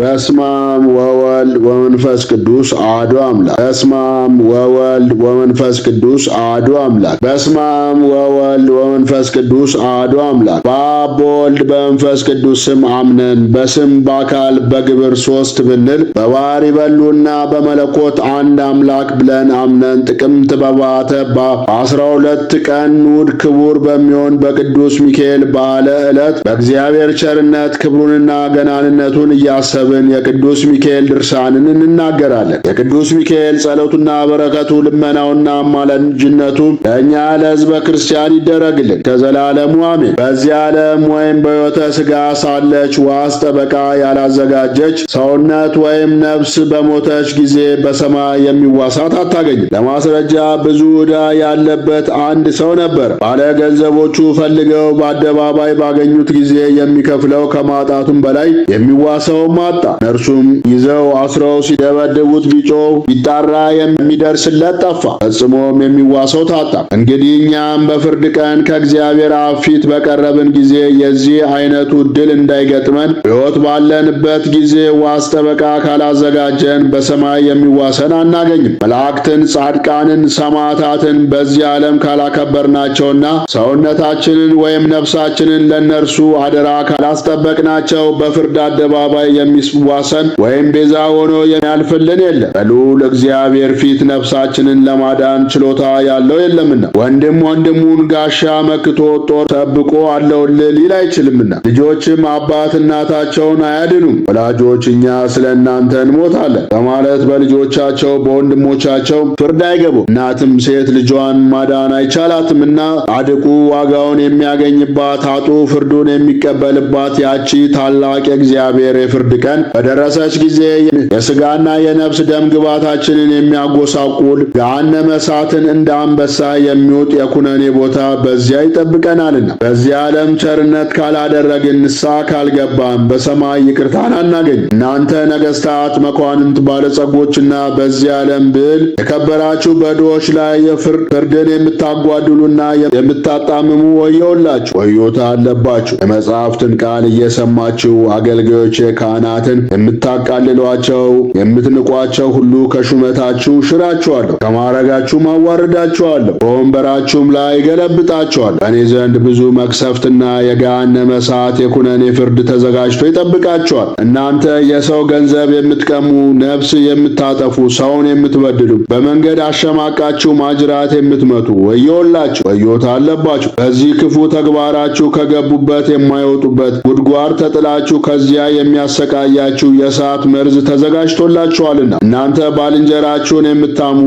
በስማም ወወልድ ወመንፈስ ቅዱስ አሐዱ አምላክ። በስማም ወወልድ ወመንፈስ ቅዱስ አሐዱ አምላክ። በስማም ወወልድ ወመንፈስ ቅዱስ አሐዱ አምላክ። በአብ በወልድ በመንፈስ ቅዱስ ስም አምነን በስም በአካል በግብር ሶስት ብንል በባህሪ በሉና በመለኮት አንድ አምላክ ብለን አምነን ጥቅምት በባተ በአስራ ሁለት ቀን ውድ ክቡር በሚሆን በቅዱስ ሚካኤል ባለ ዕለት በእግዚአብሔር ቸርነት ክብሩንና ገናንነቱን እያሰ ቤተሰብን የቅዱስ ሚካኤል ድርሳንን እንናገራለን። የቅዱስ ሚካኤል ጸሎቱና በረከቱ ልመናውና አማላጅነቱ ለእኛ ለሕዝበ ክርስቲያን ይደረግልን ከዘላለሙ አሜን። በዚህ ዓለም ወይም በሕይወተ ሥጋ ሳለች ዋስ ጠበቃ ያላዘጋጀች ሰውነት ወይም ነፍስ በሞተች ጊዜ በሰማይ የሚዋሳት አታገኝም። ለማስረጃ ብዙ ዕዳ ያለበት አንድ ሰው ነበረ። ባለ ገንዘቦቹ ፈልገው በአደባባይ ባገኙት ጊዜ የሚከፍለው ከማጣቱም በላይ የሚዋሰውም አጣ። እነርሱም ይዘው አስረው ሲደበድቡት ቢጮ ቢጣራ የሚደርስለት ጠፋ፣ ፈጽሞም የሚዋሰው ታጣ። እንግዲህ እኛም በፍርድ ቀን ከእግዚአብሔር አብ ፊት በቀረብን ጊዜ የዚህ አይነቱ ድል እንዳይገጥመን ሕይወት ባለንበት ጊዜ ዋስ ጠበቃ ካላዘጋጀን በሰማይ የሚዋሰን አናገኝም። መላእክትን፣ ጻድቃንን፣ ሰማዕታትን በዚህ ዓለም ካላከበርናቸውና ሰውነታችንን ወይም ነፍሳችንን ለእነርሱ አደራ ካላስጠበቅናቸው በፍርድ አደባባይ የሚ የሚዋሰን ወይም ቤዛ ሆኖ የሚያልፍልን የለም። በልዑል እግዚአብሔር ፊት ነፍሳችንን ለማዳን ችሎታ ያለው የለምና ወንድም ወንድሙን ጋሻ መክቶ ጦር ጠብቆ አለውል ሊል አይችልምና ልጆችም አባት እናታቸውን አያድኑም። ወላጆች እኛ ስለ እናንተ እንሞታለን በማለት በልጆቻቸው በወንድሞቻቸው ፍርድ አይገቡም። እናትም ሴት ልጇን ማዳን አይቻላትምና አድቁ ዋጋውን የሚያገኝባት አጡ ፍርዱን የሚቀበልባት ያቺ ታላቅ የእግዚአብሔር የፍርድ ቀን ቀን በደረሰች ጊዜ የስጋና የነፍስ ደም ግባታችንን የሚያጎሳቁል ገሃነመ እሳትን እንደ አንበሳ የሚውጥ የኩነኔ ቦታ በዚያ ይጠብቀናልና በዚህ ዓለም ቸርነት ካላደረግን ንስሐ ካልገባን በሰማይ ይቅርታን አናገኝ። እናንተ ነገሥታት፣ መኳንንት፣ ባለጸጎችና በዚህ ዓለም ብል የከበራችሁ በድሆች ላይ ፍርድን የምታጓድሉና የምታጣምሙ ወዮላችሁ፣ ወዮታ አለባችሁ። የመጽሐፍትን ቃል እየሰማችሁ አገልጋዮቼ ካህናት ካህናትን የምታቃልሏቸው የምትንቋቸው ሁሉ ከሹመታችሁ ሽራችኋለሁ፣ ከማዕረጋችሁም አዋርዳችኋለሁ፣ በወንበራችሁም ላይ ገለብጣችኋለሁ። በእኔ ዘንድ ብዙ መቅሰፍትና የገሃነመ እሳት የኩነኔ ፍርድ ተዘጋጅቶ ይጠብቃችኋል። እናንተ የሰው ገንዘብ የምትቀሙ፣ ነፍስ የምታጠፉ፣ ሰውን የምትበድሉ፣ በመንገድ አሸማቃችሁ ማጅራት የምትመቱ ወዮላችሁ፣ ወዮታ አለባችሁ። በዚህ ክፉ ተግባራችሁ ከገቡበት የማይወጡበት ጉድጓድ ተጥላችሁ ከዚያ የሚያሰቃይ ያሳያችሁ የእሳት መርዝ ተዘጋጅቶላችኋልና እናንተ ባልንጀራችሁን የምታሙ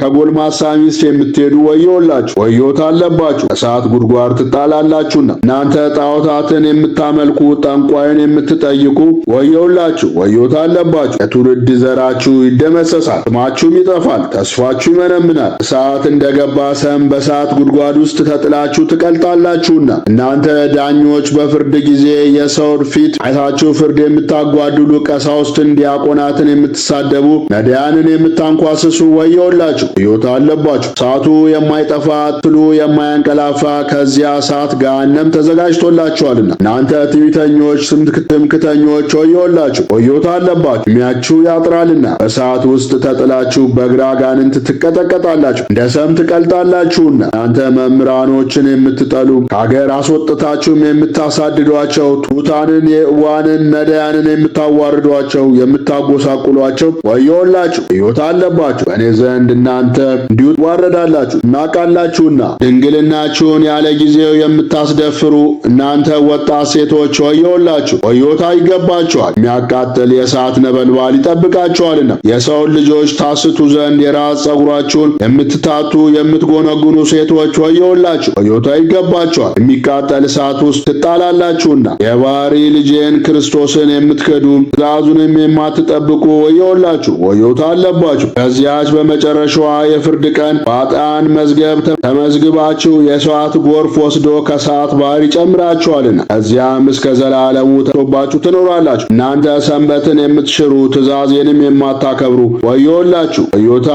ከጎልማሳ ሚስት የምትሄዱ ወዮላችሁ፣ ወዮታ አለባችሁ፣ እሳት ጉድጓድ ትጣላላችሁና። እናንተ ጣዖታትን የምታመልኩ ጠንቋይን የምትጠይቁ ወዮላችሁ፣ ወዮታ አለባችሁ። የትውልድ ዘራችሁ ይደመሰሳል፣ ስማችሁም ይጠፋል፣ ተስፋችሁ ይመነምናል። እሳት እንደገባ ሰም በእሳት ጉድጓድ ውስጥ ተጥላችሁ ትቀልጣላችሁና እናንተ ዳኞች በፍርድ ጊዜ የሰውን ፊት አይታችሁ ፍርድ የምታጓ የምታድሉ ቀሳውስትን፣ ዲያቆናትን የምትሳደቡ፣ ነዳያንን የምታንኳስሱ ወየውላችሁ! እዮታ አለባችሁ። እሳቱ የማይጠፋ ትሉ የማያንቀላፋ ከዚያ እሳት ገሃነም ተዘጋጅቶላችኋልና እናንተ ትዕቢተኞች ስምት ትምክተኞች ወዮላችሁ፣ ወዮታ አለባችሁ፣ ዕድሜያችሁ ያጥራልና። እሳት ውስጥ ተጥላችሁ በግራ አጋንንት ትቀጠቀጣላችሁ፣ እንደ ሰም ትቀልጣላችሁና። እናንተ መምህራኖችን የምትጠሉ ከሀገር አስወጥታችሁም የምታሳድዷቸው ቱታንን፣ የእዋንን፣ ነዳያንን የምታዋርዷቸው የምታጎሳቁሏቸው ወዮላችሁ፣ ወዮታ አለባችሁ። በእኔ ዘንድ እናንተ እንዲሁ ትዋረዳላችሁ እናቃላችሁና። ድንግልናችሁን ያለ ጊዜው የምታስደፍሩ እናንተ ወጣት ሴቶች ወዮላችሁ፣ ወዮ ሕይወት ይገባቸዋል፣ የሚያቃጥል የእሳት ነበልባል ይጠብቃቸዋልና። የሰውን ልጆች ታስቱ ዘንድ የራስ ጸጉራችሁን የምትታቱ የምትጎነጉኑ ሴቶች ወየውላችሁ፣ ሕይወት ይገባቸዋል፣ የሚቃጠል እሳት ውስጥ ትጣላላችሁና። የባህሪ ልጄን ክርስቶስን የምትከዱ ትእዛዙንም የማትጠብቁ ወየውላችሁ፣ ወዮታ አለባችሁ። በዚያች በመጨረሻዋ የፍርድ ቀን በአጣን መዝገብ ተመዝግባችሁ የእሳት ጎርፍ ወስዶ ከእሳት ባህር ይጨምራችኋልና ከዚያም እስከ ዘላለሙ ተደፍቶባችሁ ትኖራላችሁ። እናንተ ሰንበትን የምትሽሩ ትእዛዜንም የማታከብሩ ወዮላችሁ፣ ወዮታ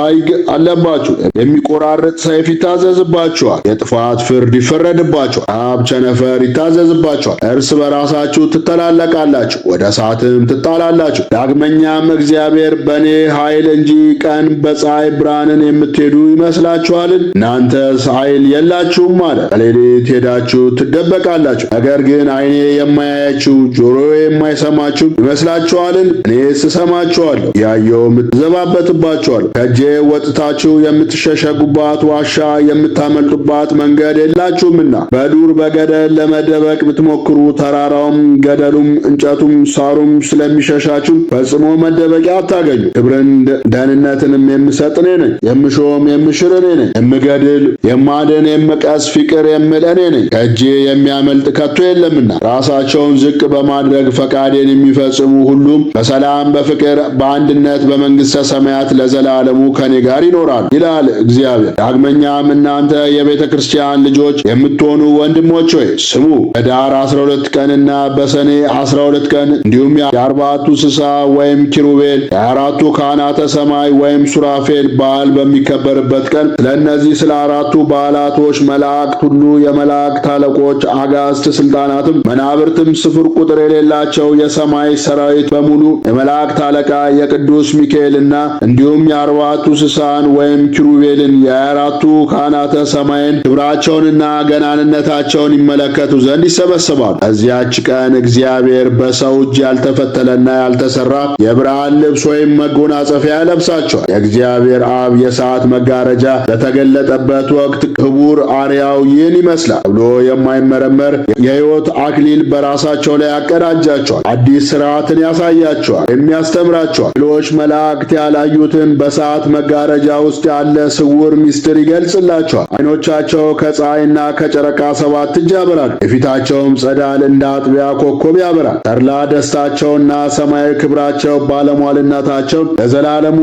አለባችሁ። የሚቆራርጥ ሰይፍ ይታዘዝባችኋል፣ የጥፋት ፍርድ ይፈረድባችኋል፣ አብ ቸነፈር ይታዘዝባችኋል። እርስ በራሳችሁ ትተላለቃላችሁ፣ ወደ እሳትም ትጣላላችሁ። ዳግመኛም እግዚአብሔር በእኔ ኃይል እንጂ ቀን በፀሐይ ብርሃንን የምትሄዱ ይመስላችኋልን? እናንተስ ኃይል የላችሁም አለ። በሌሊት ሄዳችሁ ትደበቃላችሁ። ነገር ግን ዓይኔ የማያያችሁ ጆሮ ጆሮ የማይሰማችሁ ይመስላችኋልን? እኔ ስሰማችኋለሁ፣ ያየውም እዘባበትባችኋለሁ። ከእጄ ወጥታችሁ የምትሸሸጉባት ዋሻ፣ የምታመልጡባት መንገድ የላችሁምና በዱር በገደል ለመደበቅ ብትሞክሩ ተራራውም፣ ገደሉም፣ እንጨቱም፣ ሳሩም ስለሚሸሻችሁ ፈጽሞ መደበቂያ አታገኙ። ክብርን ደህንነትንም የምሰጥ እኔ ነኝ። የምሾም የምሽር እኔ ነኝ። የምገድል የማድን የምቀስ ፍቅር የምል እኔ ነኝ። ከእጄ የሚያመልጥ ከቶ የለምና ራሳቸውን ዝቅ በማድ ለማድረግ ፈቃዴን የሚፈጽሙ ሁሉም በሰላም በፍቅር በአንድነት በመንግሥተ ሰማያት ለዘላለሙ ከኔ ጋር ይኖራል ይላል እግዚአብሔር። ዳግመኛም እናንተ የቤተ ክርስቲያን ልጆች የምትሆኑ ወንድሞች ሆይ ስሙ። በዳር 12 ቀንና በሰኔ 12 ቀን እንዲሁም የአርባቱ ስሳ ወይም ኪሩቤል የአራቱ ካህናተ ሰማይ ወይም ሱራፌል በዓል በሚከበርበት ቀን ስለ እነዚህ ስለ አራቱ በዓላቶች መላእክት ሁሉ የመላእክት አለቆች፣ አጋስት፣ ስልጣናትም መናብርትም ስፍር ቁጥር የሌላቸው የሰማይ ሰራዊት በሙሉ የመላእክት አለቃ የቅዱስ ሚካኤልና እንዲሁም የአርባቱ ስሳን ወይም ኪሩቤልን የአራቱ ካህናተ ሰማይን ክብራቸውንና ገናንነታቸውን ይመለከቱ ዘንድ ይሰበሰባሉ። እዚያች ቀን እግዚአብሔር በሰው እጅ ያልተፈተለና ያልተሰራ የብርሃን ልብስ ወይም መጎናጸፊያ ለብሳቸዋል። የእግዚአብሔር አብ የሰዓት መጋረጃ በተገለጠበት ወቅት ክቡር አርያው ይህን ይመስላል ተብሎ የማይመረመር የሕይወት አክሊል በራሳቸው ላይ አቀዳ ያደራጃቸዋል፣ አዲስ ስርዓትን ያሳያቸዋል፣ የሚያስተምራቸዋል። ሌሎች መላእክት ያላዩትን በሰዓት መጋረጃ ውስጥ ያለ ስውር ምስጢር ይገልጽላቸዋል። አይኖቻቸው ከፀሐይና ከጨረቃ ሰባት እጅ ያበራሉ፣ የፊታቸውም ጸዳል እንደ አጥቢያ ኮከብ ያበራል። ተድላ ደስታቸውና ሰማያዊ ክብራቸው ባለሟልነታቸው ለዘላለሙ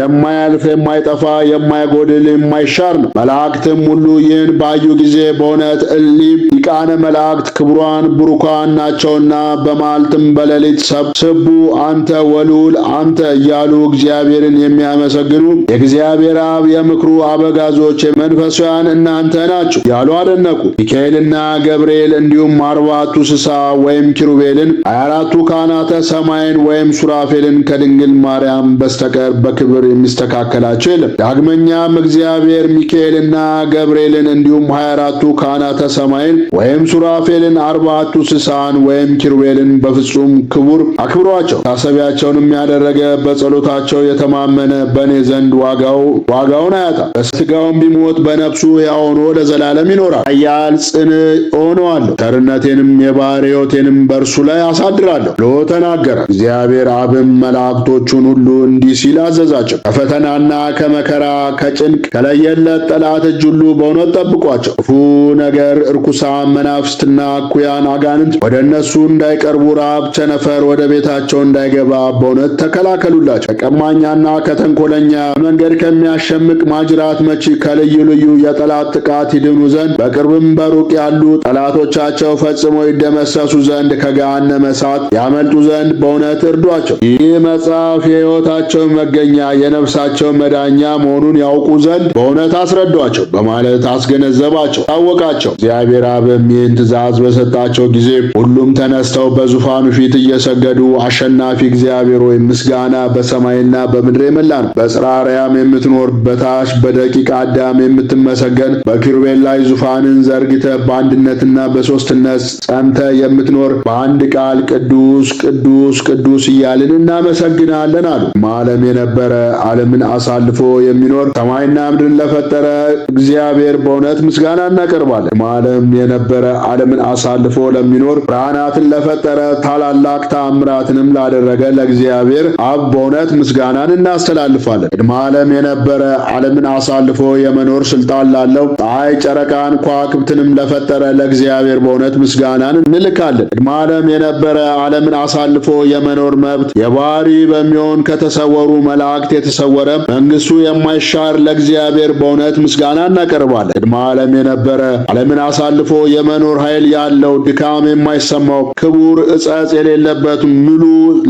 የማያልፍ የማይጠፋ የማይጎድል የማይሻር ነው። መላእክትም ሁሉ ይህን ባዩ ጊዜ በእውነት እሊብ ሊቃነ መላእክት ክቡራን ብሩካን ናቸውና በማልትም በሌሊት ሰብስቡ አንተ ወልውል አንተ እያሉ እግዚአብሔርን የሚያመሰግኑ የእግዚአብሔር አብ የምክሩ አበጋዞች መንፈሳውያን እናንተ ናችሁ ያሉ አደነቁ። ሚካኤልና ገብርኤል እንዲሁም አርባቱ ስሳ ወይም ኪሩቤልን ሃያ አራቱ ካህናተ ሰማይን ወይም ሱራፌልን ከድንግል ማርያም በስተቀር በክብር የሚስተካከላቸው የለም። ዳግመኛም እግዚአብሔር ሚካኤልና ገብርኤልን እንዲሁም ሀያ አራቱ ካህናተ ሰማይን ወይም ሱራፌልን አርባቱ ስሳን ወይም ኪሩቤልን በፍጹም ክቡር አክብሯቸው። ታሰቢያቸውንም ያደረገ በጸሎታቸው የተማመነ በእኔ ዘንድ ዋጋው ዋጋውን አያጣ። በስጋውም ቢሞት በነፍሱ ያሆኖ ሆኖ ለዘላለም ይኖራል። አያል ጽን ሆነዋለሁ። ቸርነቴንም የባሕርይ በእርሱ ላይ አሳድራለሁ ብሎ ተናገረ። እግዚአብሔር አብም መላእክቶቹን ሁሉ እንዲህ ሲል አዘዛቸው። ከፈተናና ከመከራ ከጭንቅ ከለየለት ጠላት እጅ ሁሉ በእውነት ጠብቋቸው። ክፉ ነገር፣ እርኩሳ መናፍስትና እኩያን አጋንንት ወደ እነሱ እንዳይቀርቡ ረሃብ፣ ቸነፈር ወደ ቤታቸው እንዳይገባ በእውነት ተከላከሉላቸው። ከቀማኛና ከተንኮለኛ መንገድ ከሚያሸምቅ ማጅራት መቺ ከልዩ ልዩ የጠላት ጥቃት ይድኑ ዘንድ በቅርብም በሩቅ ያሉ ጠላቶቻቸው ፈጽሞ ይደመሰሱ ዘንድ ከገሃነመ እሳት ያመልጡ ዘንድ በእውነት እርዷቸው። ይህ መጽሐፍ የሕይወታቸው መገኛ የነፍሳቸው መዳኛ መሆኑን ያውቁ ዘንድ በእውነት አስረዷቸው በማለት አስገነዘባቸው ታወቃቸው እግዚአብሔር አብ የሚል ትእዛዝ በሰጣቸው ጊዜ ሁሉም ተነስተው በዙፋኑ ፊት እየሰገዱ አሸናፊ እግዚአብሔር ሆይ ምስጋና በሰማይና በምድር የመላ ነው። በጽራርያም የምትኖር በታች በደቂቀ አዳም የምትመሰገን በኪሩቤል ላይ ዙፋንን ዘርግተ በአንድነትና በሦስትነት ጸምተ የምትኖር በአንድ ቃል ቅዱስ ቅዱስ ቅዱስ እያልን እናመሰግናለን አሉ። ማለም የነበረ ዓለምን አሳልፎ የሚኖር ሰማይና ምድርን ለፈጠረ እግዚአብሔር በእውነት ምስጋና እናቀርባለን። ማለም የነበረ ነበረ። ዓለምን አሳልፎ ለሚኖር ብርሃናትን ለፈጠረ ታላላቅ ተአምራትንም ላደረገ ለእግዚአብሔር አብ በእውነት ምስጋናን እናስተላልፋለን። ቅድመ ዓለም የነበረ ዓለምን አሳልፎ የመኖር ስልጣን ላለው ፀሐይ፣ ጨረቃን፣ ከዋክብትንም ለፈጠረ ለእግዚአብሔር በእውነት ምስጋናን እንልካለን። ቅድመ ዓለም የነበረ ዓለምን አሳልፎ የመኖር መብት የባህሪ በሚሆን ከተሰወሩ መላእክት የተሰወረ መንግስቱ የማይሻር ለእግዚአብሔር በእውነት ምስጋና እናቀርባለን። ቅድመ ዓለም የነበረ ዓለምን አሳልፎ የመኖር ኃይል ያለው ድካም የማይሰማው ክቡር እጸጽ የሌለበት ምሉ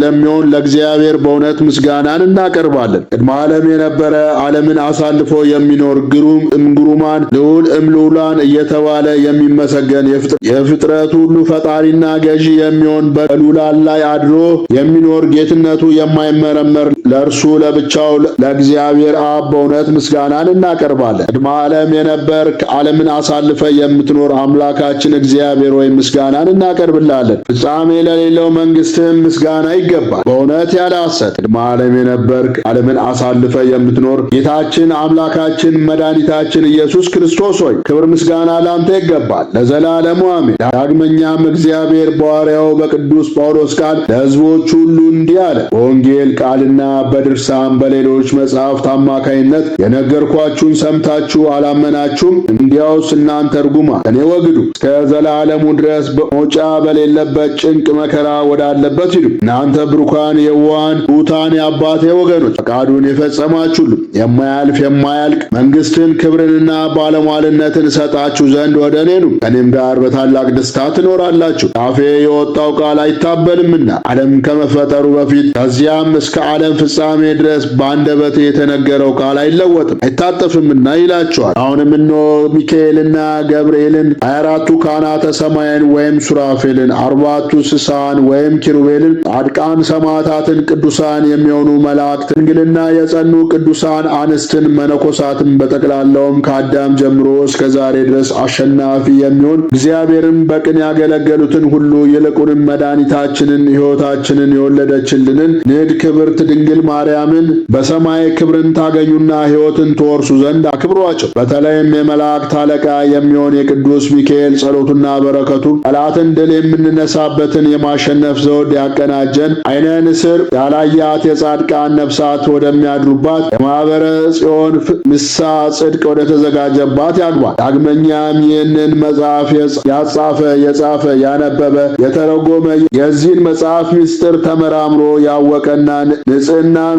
ለሚሆን ለእግዚአብሔር በእውነት ምስጋናን እናቀርባለን። ቅድመ ዓለም የነበረ ዓለምን አሳልፎ የሚኖር ግሩም እምግሩማን ልዑል እምልዑላን እየተባለ የሚመሰገን የፍጥረት ሁሉ ፈጣሪና ገዢ የሚሆን በሉላን ላይ አድሮ የሚኖር ጌትነቱ የማይመረመር ለእርሱ ለብቻው ለእግዚአብሔር አብ በእውነት ምስጋናን እናቀርባለን። ቅድመ ዓለም የነበር ዓለምን አሳልፈ የምትኖር አምላክ አምላካችን እግዚአብሔር ወይ ምስጋናን እናቀርብላለን። ፍጻሜ ለሌለው መንግሥትህም ምስጋና ይገባል። በእውነት ያላሰት ቅድመ ዓለም የነበርክ ዓለምን አሳልፈ የምትኖር ጌታችን አምላካችን መድኃኒታችን ኢየሱስ ክርስቶስ ሆይ ክብር ምስጋና ለአንተ ይገባል ለዘላለሙ አሜን። ዳግመኛም እግዚአብሔር በሐዋርያው በቅዱስ ጳውሎስ ቃል ለሕዝቦች ሁሉ እንዲህ አለ። በወንጌል ቃልና በድርሳም በሌሎች መጽሐፍት አማካይነት የነገርኳችሁን ሰምታችሁ አላመናችሁም። እንዲያውስ እናንተ እርጉማ እኔ ወግ ስገዱ። እስከ ዘላለሙ ድረስ መውጫ በሌለበት ጭንቅ መከራ ወዳለበት ሂዱ። እናንተ ብሩካን የዋን ቱታን የአባቴ ወገኖች ፈቃዱን የፈጸማችሁ ሁሉ የማያልፍ የማያልቅ መንግስትን ክብርንና ባለሟልነትን እሰጣችሁ ዘንድ ወደ እኔ ኑ፣ ከእኔም ጋር በታላቅ ደስታ ትኖራላችሁ። ካፌ የወጣው ቃል አይታበልምና ዓለም ከመፈጠሩ በፊት ከዚያም እስከ ዓለም ፍጻሜ ድረስ በአንደበቴ የተነገረው ቃል አይለወጥም አይታጠፍምና ይላችኋል። አሁንም እንሆ ሚካኤልና ገብርኤልን አራቱ ካህናተ ሰማይን ወይም ሱራፌልን፣ አርባቱ ስሳን ወይም ኪሩቤልን፣ ጻድቃን ሰማዕታትን፣ ቅዱሳን የሚሆኑ መላእክት፣ ድንግልና የጸኑ ቅዱሳን አንስትን፣ መነኮሳትን በጠቅላላውም ከአዳም ጀምሮ እስከ ዛሬ ድረስ አሸናፊ የሚሆን እግዚአብሔርን በቅን ያገለገሉትን ሁሉ ይልቁንም መድኃኒታችንን ሕይወታችንን የወለደችልንን ንድ ክብርት ድንግል ማርያምን በሰማይ ክብርን ታገኙና ሕይወትን ትወርሱ ዘንድ አክብሯቸው። በተለይም የመላእክት አለቃ የሚሆን የቅዱስ ሚካኤል ሚካኤል ጸሎቱና በረከቱ ጠላትን ድል የምንነሳበትን የማሸነፍ ዘውድ ያቀናጀን አይነ ንስር ያላያት የጻድቃን ነፍሳት ወደሚያድሩባት የማኅበረ ጽዮን ምሳ ጽድቅ ወደ ተዘጋጀባት ያግባል። ዳግመኛም ይህንን መጽሐፍ ያጻፈ የጻፈ ያነበበ የተረጎመ የዚህን መጽሐፍ ምስጢር ተመራምሮ ያወቀና ንጽህናን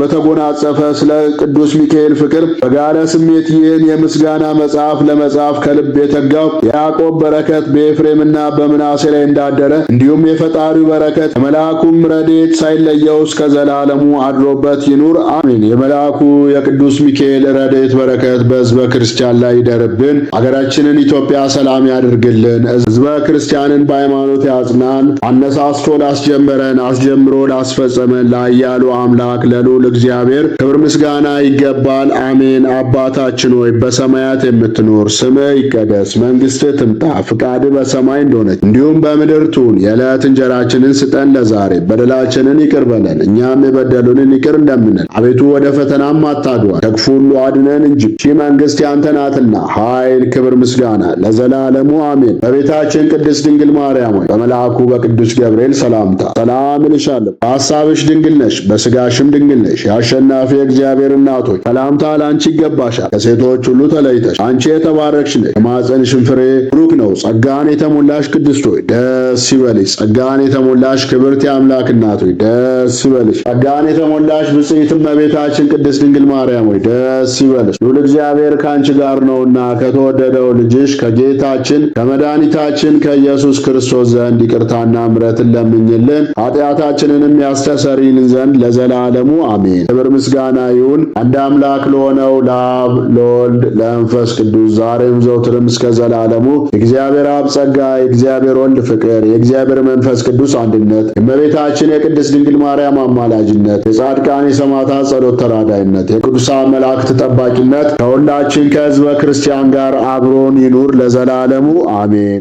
በተጎናጸፈ ስለ ቅዱስ ሚካኤል ፍቅር በጋለ ስሜት ይህን የምስጋና መጽሐፍ ለመጻፍ ከልብ የተጋው ያዕቆብ በረከት በኤፍሬምና በምናሴ ላይ እንዳደረ እንዲሁም የፈጣሪው በረከት የመልአኩም ረዴት ሳይለየው እስከ ዘላለሙ አድሮበት ይኑር አሜን። የመልአኩ የቅዱስ ሚካኤል ረዴት በረከት በህዝበ ክርስቲያን ላይ ይደርብን። አገራችንን ኢትዮጵያ ሰላም ያድርግልን። ህዝበ ክርስቲያንን በሃይማኖት ያጽናን። አነሳስቶ ላስጀመረን አስጀምሮ ላስፈጸመን ላያሉ አምላክ ለልዑል እግዚአብሔር ክብር ምስጋና ይገባል። አሜን። አባታችን ሆይ በሰማያት የምትኖር ስምህ ይቀደስ መንግስት መንግሥትህ ትምጣ፣ ፍቃድ በሰማይ እንደሆነች እንዲሁም በምድር ትሁን። የዕለት እንጀራችንን ስጠን ለዛሬ፣ በደላችንን ይቅር በለን እኛም የበደሉንን ይቅር እንደምንል፣ አቤቱ ወደ ፈተናም አታግባን ከክፉ ሁሉ አድነን እንጂ ሺህ መንግስት ያንተ ናትና፣ ኃይል፣ ክብር፣ ምስጋና ለዘላለሙ አሜን። በቤታችን ቅድስት ድንግል ማርያም ሆይ በመልአኩ በቅዱስ ገብርኤል ሰላምታ ሰላም እልሻለሁ። በሐሳብሽ ድንግል ነሽ፣ በስጋሽም ድንግል ነሽ። የአሸናፊ እግዚአብሔር እናቶች ሰላምታ ለአንቺ ይገባሻል። ከሴቶች ሁሉ ተለይተሽ አንቺ የተባረክሽ ነሽ። የማኅፀንሽም ፍሬ ፍሬ ብሩክ ነው። ጸጋን የተሞላሽ ቅድስት ሆይ ደስ ይበልሽ። ጸጋን የተሞላሽ ክብርት የአምላክ እናት ሆይ ደስ ይበልሽ። ጸጋን የተሞላሽ ብጽዕት እመቤታችን ቅድስት ድንግል ማርያም ሆይ ደስ ይበልሽ። ሉል እግዚአብሔር ከአንቺ ጋር ነውና ከተወደደው ልጅሽ ከጌታችን ከመድኃኒታችን ከኢየሱስ ክርስቶስ ዘንድ ይቅርታና ምረትን ለምኝልን ኃጢአታችንንም ያስተሰሪን ዘንድ ለዘላለሙ አሜን። ክብር ምስጋና ይሁን አንድ አምላክ ለሆነው ለአብ ለወልድ ለመንፈስ ቅዱስ ዛሬም ዘውትርም እስከ ዘላ ዓለሙ የእግዚአብሔር አብ ጸጋ፣ የእግዚአብሔር ወልድ ፍቅር፣ የእግዚአብሔር መንፈስ ቅዱስ አንድነት፣ እመቤታችን የቅድስት ድንግል ማርያም አማላጅነት፣ የጻድቃን የሰማዕታት ጸሎት ተራዳይነት፣ የቅዱሳን መላእክት ጠባቂነት ከሁላችን ከህዝበ ክርስቲያን ጋር አብሮን ይኑር ለዘላለሙ አሜን።